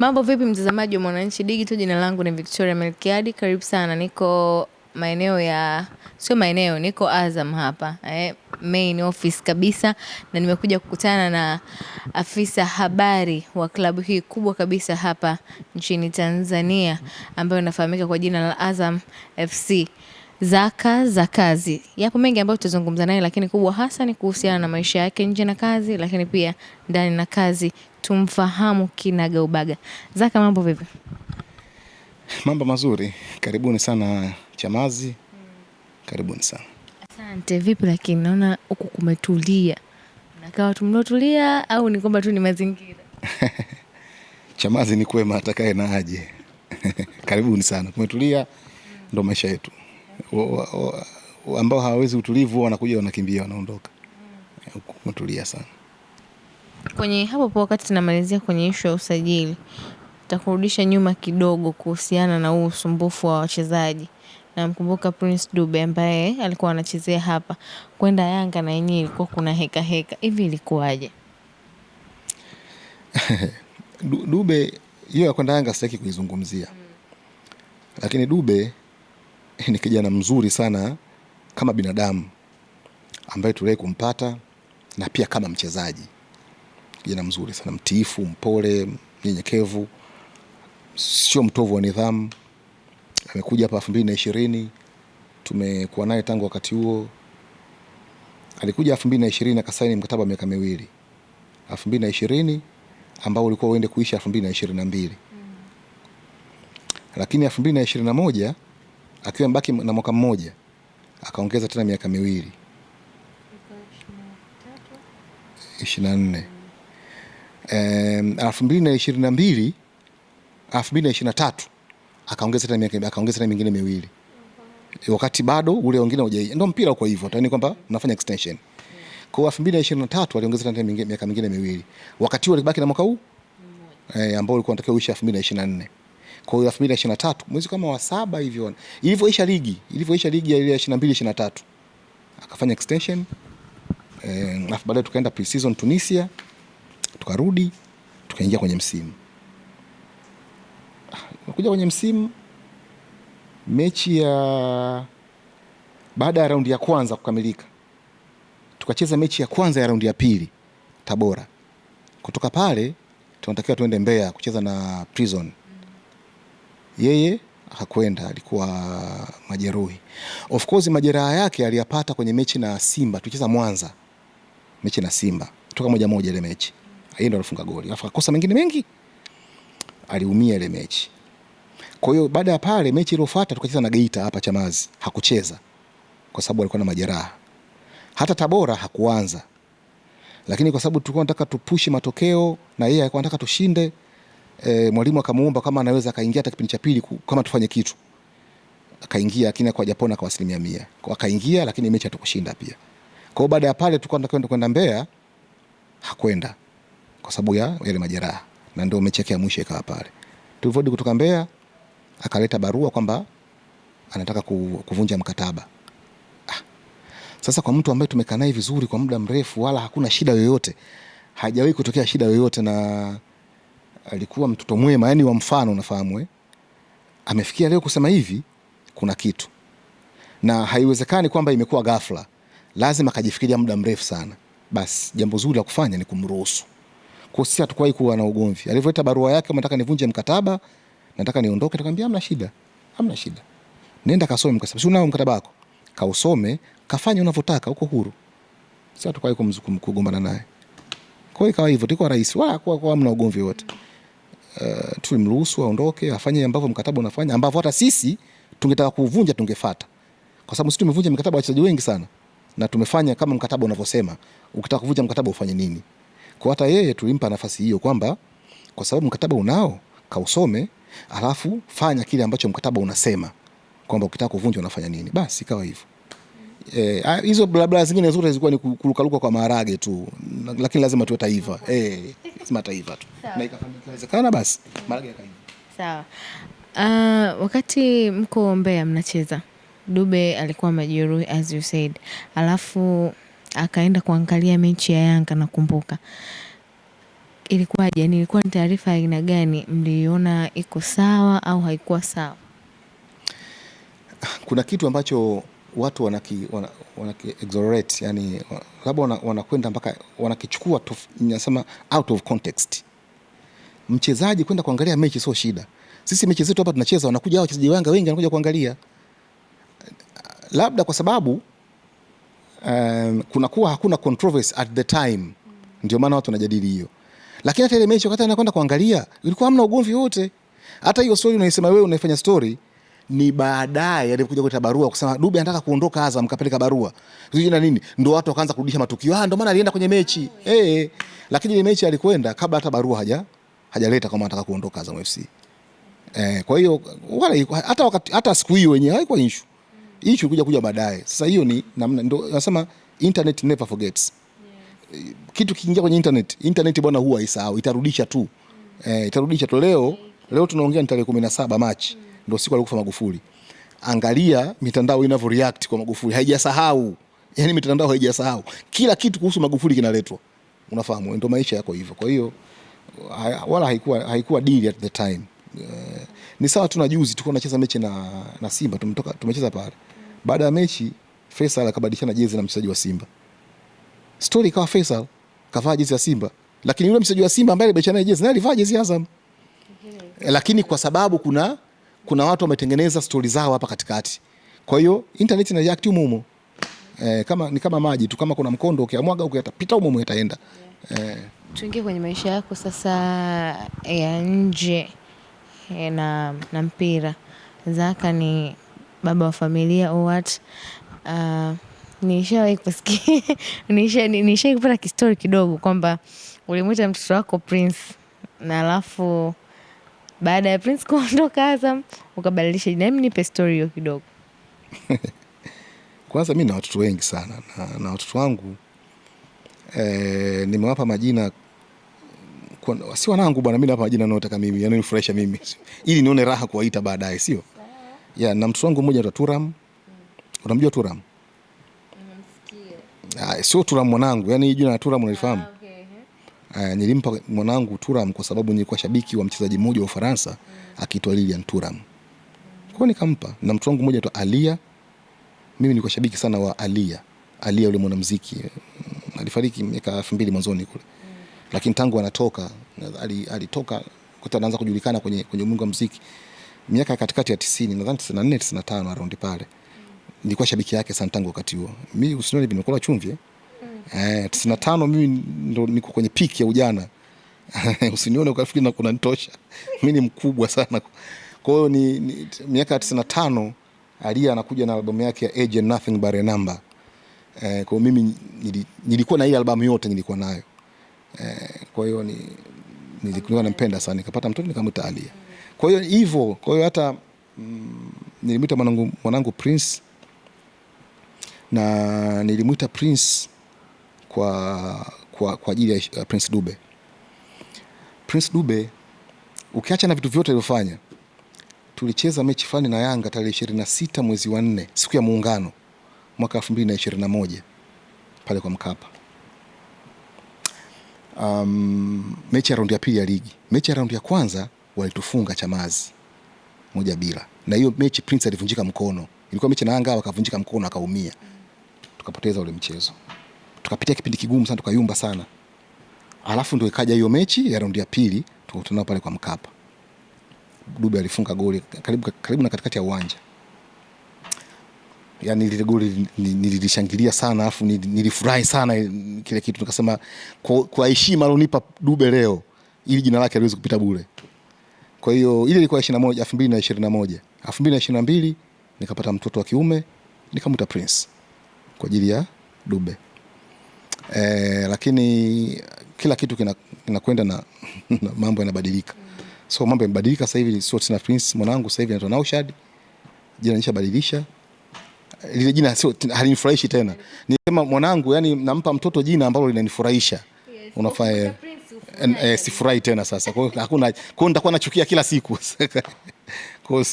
Mambo vipi mtazamaji wa Mwananchi Digital, jina langu ni Victoria Melkiadi, karibu sana. Niko maeneo ya sio maeneo, niko Azam hapa eh, main office kabisa, na nimekuja kukutana na afisa habari wa klabu hii kubwa kabisa hapa nchini Tanzania ambayo inafahamika kwa jina la Azam FC zaka za kazi. Yapo mengi ambayo tutazungumza naye, lakini kubwa hasa ni kuhusiana na maisha yake nje na kazi, lakini pia ndani na kazi, tumfahamu kinaga Zaka, mambo vipi? Mambo mazuri, karibuni sana Chamazi, karibuni sana. Asante. Vipi lakini naona huku kumetulia, nakaa watu mliotulia, au ni kwamba tu ni mazingira? Chamazi ni kwema, atakaye na aje. Karibuni sana, kumetulia, ndo maisha yetu ambao hawawezi utulivu wanakuja wanakimbia wanaondoka. Umetulia sana kwenye hapo po. Wakati tunamalizia kwenye ishu ya usajili, takurudisha nyuma kidogo kuhusiana na huu usumbufu wa wachezaji. Namkumbuka Prince Dube ambaye alikuwa anachezea hapa kwenda Yanga na yenyewe ilikuwa kuna heka heka hivi, ilikuwaje? Dube hiyo ya kwenda Yanga sitaki kuizungumzia, mm. lakini Dube ni kijana mzuri sana kama binadamu ambaye tuliwahi kumpata na pia kama mchezaji. Kijana mzuri sana, mtiifu, mpole, mnyenyekevu, sio mtovu wa nidhamu. Amekuja hapa elfu mbili na ishirini, tumekuwa naye tangu wakati huo. Alikuja elfu mbili na ishirini akasaini mkataba wa miaka miwili elfu mbili na ishirini ambao ulikuwa uende kuisha elfu mbili na ishirini na mbili mm. lakini elfu mbili na ishirini na moja akiwa mbaki na mwaka mmoja akaongeza tena miaka miwili ishirini na nne elfu mbili na ishirini na mbili elfu mbili na ishirini na tatu akaongeza tena miaka akaongeza tena mingine miwili wakati bado ule wengine haujaisha. Ndio mpira uko hivyo, tani kwamba unafanya extension. Kwa hiyo 2023 aliongeza tena miaka mingine miwili, wakati huo alibaki na mwaka huu eh, ambao ulikuwa unatakiwa uishe 2024. Kwa hiyo 2023 mwezi kama wa saba hivyo ilivyoisha ligi ilivyoisha ligi ya ile ya 22 23 akafanya extension eh, alafu baadaye tukaenda pre-season Tunisia, tukarudi tukaingia kwenye msimu. Ah, Kuja kwenye msimu mechi ya baada ya raundi ya kwanza kukamilika, tukacheza mechi ya kwanza ya raundi ya pili Tabora. Kutoka pale tunatakiwa tuende Mbeya kucheza na Prison yeye hakwenda, alikuwa majeruhi. Of course majeraha yake aliyapata kwenye mechi na Simba, tucheza Mwanza, mechi na Simba toka moja moja, ile mechi yeye ndo alifunga goli, alafu akakosa mengine mengi, aliumia ile mechi. Kwa hiyo baada ya pale, mechi iliyofuata tukacheza na Geita hapa Chamazi, hakucheza kwa sababu alikuwa na majeraha. Hata Tabora hakuanza, lakini kwa sababu tulikuwa tunataka tupushi matokeo na yeye alikuwa anataka tushinde e, mwalimu akamuomba kama anaweza akaingia hata kipindi cha pili kama tufanye kitu, akaingia lakini kwa Japona kwa asilimia mia akaingia, lakini mechi hatukushinda pia. Kwa hiyo baada ya pale tulikuwa tunakwenda kwenda Mbeya, hakwenda kwa sababu ya yale majeraha, na ndio mechi yake ya mwisho ikawa pale. Tulivyorudi kutoka Mbeya, akaleta barua kwamba anataka kuvunja mkataba. Ah, sasa kwa mtu ambaye tumekaa naye vizuri kwa muda mrefu, wala hakuna shida yoyote, hajawahi kutokea shida yoyote na alikuwa mtoto mwema, yani wa mfano, unafahamu eh? Amefikia leo kusema hivi, kuna kitu na haiwezekani kwamba imekuwa ghafla, lazima akajifikiria muda mrefu sana. Basi jambo zuri la kufanya ni kumruhusu. Kwa sisi hatukuwahi kuwa na ugomvi. Alivyoleta barua yake, nataka nivunje mkataba, nataka niondoke, nikamwambia hamna shida, hamna shida, nenda kasome mkataba, si unao mkataba wako, kausome, kafanye unavyotaka, uko huru. Sisi hatukuwahi kugombana naye. Kwa hiyo ikawa hivyo, tuko rais wala kwa kwa mna ugomvi wote uh, tulimruhusu aondoke afanye ambavyo mkataba unafanya ambavyo hata sisi tungetaka kuvunja tungefuata, kwa sababu sisi tumevunja mkataba wa wachezaji wengi sana na tumefanya kama mkataba unavyosema. Ukitaka kuvunja mkataba ufanye nini? Kwa hata yeye tulimpa nafasi hiyo kwamba kwa sababu mkataba unao, kausome alafu fanya kile ambacho mkataba unasema kwamba ukitaka kuvunja unafanya nini. Basi ikawa hivyo. Eh, ah, hizo e, blabla zingine zote zilikuwa ni kurukaruka kwa maharage tu, lakini lazima tuwe taifa eh, lazima taifa tu na ikawezekana, basi maharage yakaiva. Sawa. Uh, wakati mko Mbeya mnacheza, Dube alikuwa majeruhi as you said, alafu akaenda kuangalia mechi ya Yanga nakumbuka Ilikuwaje? Yani, ilikuwa ni taarifa ya aina gani? mliona iko sawa au haikuwa sawa? Kuna kitu ambacho watu wanaki, wanaki, wana exaggerate yani, labda wanakwenda mpaka wanakichukua, nasema out of context. Mchezaji kwenda kuangalia mechi sio shida. Sisi mechi zetu hapa tunacheza, wanakuja hao wachezaji wanga wengi wanakuja kuangalia, labda kwa sababu um, kunakuwa hakuna controversy at the time, ndio maana watu wanajadili hiyo. Lakini hata ile mechi wakati anakwenda kuangalia, ilikuwa hamna ugomvi wote. Hata hiyo story unaisema wewe, unaifanya story ni baadaye alikuja kuleta barua kusema Dube anataka kuondoka Azam, kapeleka barua sijui na nini, ndio watu wakaanza kurudisha matukio. Ah, ndio maana alienda kwenye mechi mm. eh, lakini ile mechi alikwenda kabla hata barua haja hajaleta kama anataka kuondoka Azam FC eh. Kwa hiyo wala hata wakati hata siku hiyo wenyewe haikuwa issue, issue ilikuja kuja baadaye. Sasa hiyo ni namna, ndio nasema internet never forgets. Kitu kiingia kwenye internet, internet bwana huwa haisahau, itarudisha tu mm. eh, itarudisha tu. Leo mm. leo tunaongea ni tarehe 17 Machi mm ndio siku alikufa Magufuli. Angalia mitandao inavyo react kwa Magufuli, haijasahau yani, mitandao haijasahau kila kitu kuhusu Magufuli kinaletwa, unafahamu, ndio maisha yako hivyo. Kwa hiyo wala haikuwa, haikuwa deal at the time. Uh, ni sawa tu na juzi tulikuwa tunacheza mechi na, na Simba tumetoka, tumecheza pale. Baada ya mechi Faisal akabadilishana jezi na mchezaji wa Simba, story ikawa Faisal kavaa jezi ya Simba, lakini yule mchezaji wa Simba ambaye alibadilishana jezi naye alivaa jezi ya Azam, lakini kwa sababu kuna kuna watu wametengeneza stori zao hapa katikati. Kwa hiyo internet inareact humo humo. Eh, kama ni kama maji tu, kama kuna mkondo ukiamwaga ukiyatapita humo humo yataenda. Eh, tuingie kwenye maisha yako sasa eh, ya nje eh, na, na mpira. Zaka ni baba wa familia au what? Uh, nishawahi kusikia nishawahi kupata kistori kidogo kwamba ulimwita mtoto wako Prince na alafu baada ya Prince kuondoka Azam ukabadilisha jina. Nipe stori hiyo kidogo. Kwanza mi na watoto wengi sana na, na watoto wangu e, nimewapa majina kwa, si wanangu bwana, mi nawapa majina naotaka mimi yananifurahisha mimi ili nione raha kuwaita baadaye, sio yeah. Na mtoto wangu mmoja ta Turam. Unamjua Turam? Sio Turam mwanangu, yani jina la Turam unalifahamu? Ah. Uh, nilimpa mwanangu Turam kwa sababu nilikuwa shabiki wa mchezaji mmoja wa Ufaransa akiitwa Lilian Turam. Kwa hiyo nikampa na mtu wangu mmoja aitwa Alia. Mimi nilikuwa shabiki sana wa Alia. Alia yule mwanamuziki eh, alifariki miaka 2000 mbili mwanzoni kule. Lakini tangu anatoka alitoka kwa anaanza kujulikana kwenye kwenye umungu wa muziki miaka katikati ya 90 nadhani 94 95 around pale. Nilikuwa shabiki yake sana tangu wakati huo. Mimi usinoni nimekula chumvi. eh. Eh, tisini mimi ndo niko kwenye piki ya ujana usinione ukafikiri na kuna nitosha mimi ni mkubwa sana. Kwa hiyo ni, ni miaka 95 Alia anakuja na albamu yake ya Age and Nothing But A Number. Eh, kwa hiyo mimi nilikuwa na ile albamu yote nilikuwa nayo. Eh, kwa hiyo ni nilikuwa nampenda sana nikapata mtoto nikamwita Alia. Kwa hiyo hivyo, kwa hiyo hata mm, nilimwita mwanangu mwanangu Prince na nilimwita Prince kwa, kwa, kwa ajili ya uh, Prince Dube. Prince Dube ukiacha na vitu vyote alivyofanya, tulicheza mechi fulani na Yanga tarehe ishirini na sita mwezi wa nne siku ya Muungano mwaka elfu mbili na ishirini na moja pale kwa Mkapa. Um, mechi ya raundi ya pili ya ligi, mechi ya raundi ya kwanza walitufunga Chamazi moja bila, na hiyo mechi Prince alivunjika mkono, ilikuwa mechi na Yanga akavunjika mkono akaumia, tukapoteza ule mchezo tukapitia kipindi kigumu sana, tukayumba sana, alafu ndio ikaja hiyo mechi ya raundi ya pili, tukakutana pale kwa Mkapa. Dube alifunga goli karibu, karibu na katikati ya uwanja. Yaani lile goli nililishangilia sana, alafu nilifurahi sana kile kitu, nikasema kwa heshima alonipa Dube leo, ili jina lake liweze kupita bure. Kwa hiyo ile ilikuwa 21 2021. 2022 nikapata mtoto wa kiume nikamuta Prince kwa ajili ya Dube e, lakini kila kitu kinakwenda kina na, na mambo yanabadilika so mambo yamebadilika sasa hivi, sio Tina Prince mwanangu, sasa hivi anaitwa Naushad, jina nishabadilisha lile jina sio halinifurahishi tena. Nisema mwanangu, yani nampa mtoto jina ambalo linanifurahisha, unafaa eh, eh, eh, sifurahi tena sasa. Kwa hiyo hakuna, kwa hiyo nitakuwa nachukia kila siku kwa hiyo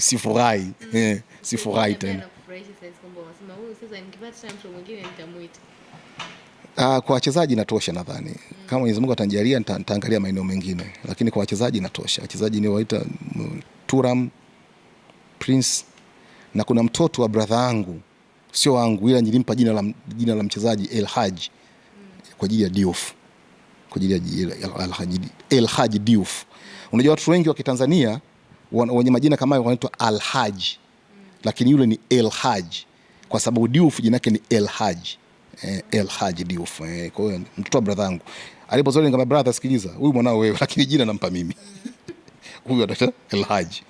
sifurahi, mm. sifurahi tena. Ah, kwa wachezaji natosha, nadhani kama Mwenyezi Mungu atanijalia nitaangalia maeneo mengine, lakini kwa wachezaji natosha. Wachezaji ni waita Turam Prince, na kuna mtoto wa brother yangu, sio wangu, ila nilimpa jina la, jina la mchezaji El Haji kwa ajili ya Diouf, kwa ajili ya El Haji, El Haji Diouf. Unajua watu wengi wa Kitanzania wenye majina kama hayo wanaitwa Al Haji, lakini yule ni El Haji kwa sababu Diouf jina lake ni El Haji eh, El Haji Diouf eh, kwa hiyo mtoto wa brother yangu alipozaliwa, nikamwambia brother, sikiliza, huyu mwanao wewe, lakini jina nampa mimi huyu anaitwa El Haji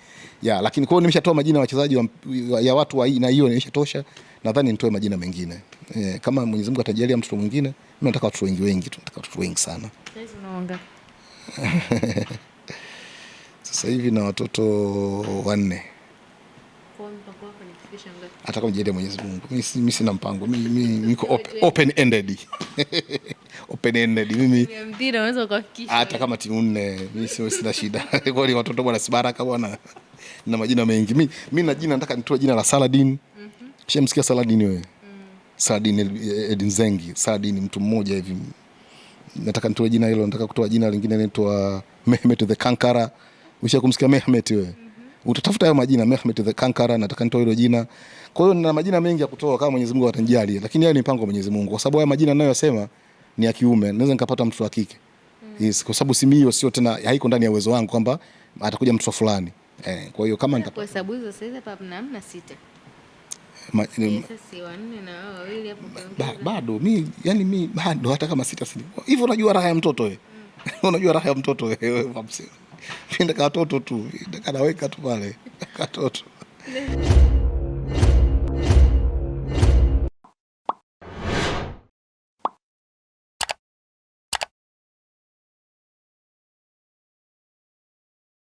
ya, lakini kwa hiyo nimeshatoa majina ya wachezaji wa, ya watu wa aina hiyo nimeshatosha. Nadhani nitoe majina mengine e, kama Mwenyezi Mungu atajalia mtoto mwingine. Mimi nataka watoto wengi wengi, tu, nataka watoto wengi sana. Sasa hivi na watoto wanne. kwa mpaka hata kama mjende Mwenyezi Mungu. Mimi sina mpango, mimi niko open, ended open ended. Mimi mpira unaweza kufikisha hata kama timu nne, mimi sina shida kwa ni watoto bwana, Sibaraka baraka bwana, na majina mengi. Mimi mimi na jina nataka nitoe jina la Saladin. Mhm, shamsikia Saladin wewe? Mm. Saladin Edin Zengi, Saladin mtu mmoja hivi. Nataka nitoe jina hilo, nataka kutoa jina lingine linaitwa Mehmet the Kankara. Umeshakumsikia Mehmet wewe? Mm utatafuta hayo majina Mehmet the Kankara, nataka nitoe hilo jina. Kwa hiyo nina majina mengi ya kutoa kama Mwenyezi Mungu atanijalia, lakini hayo ni mpango wa Mwenyezi Mungu, kwa sababu haya majina ninayosema ni ya kiume, naweza nikapata mtoto wa kike mm. Yes, kwa sababu simu hiyo sio tena, haiko ndani ya uwezo wangu kwamba atakuja mtoto fulani eh. Kwa hiyo kama nitakuwa kwa sababu hizo, sasa hapa mna mna sita Ma, ni, ma, ba, bado mi yani mi bado hata kama sita sini hivyo, unajua raha ya mtoto wewe, mm. unajua raha ya mtoto wewe pinda katoto tu, kanaweka tu pale katoto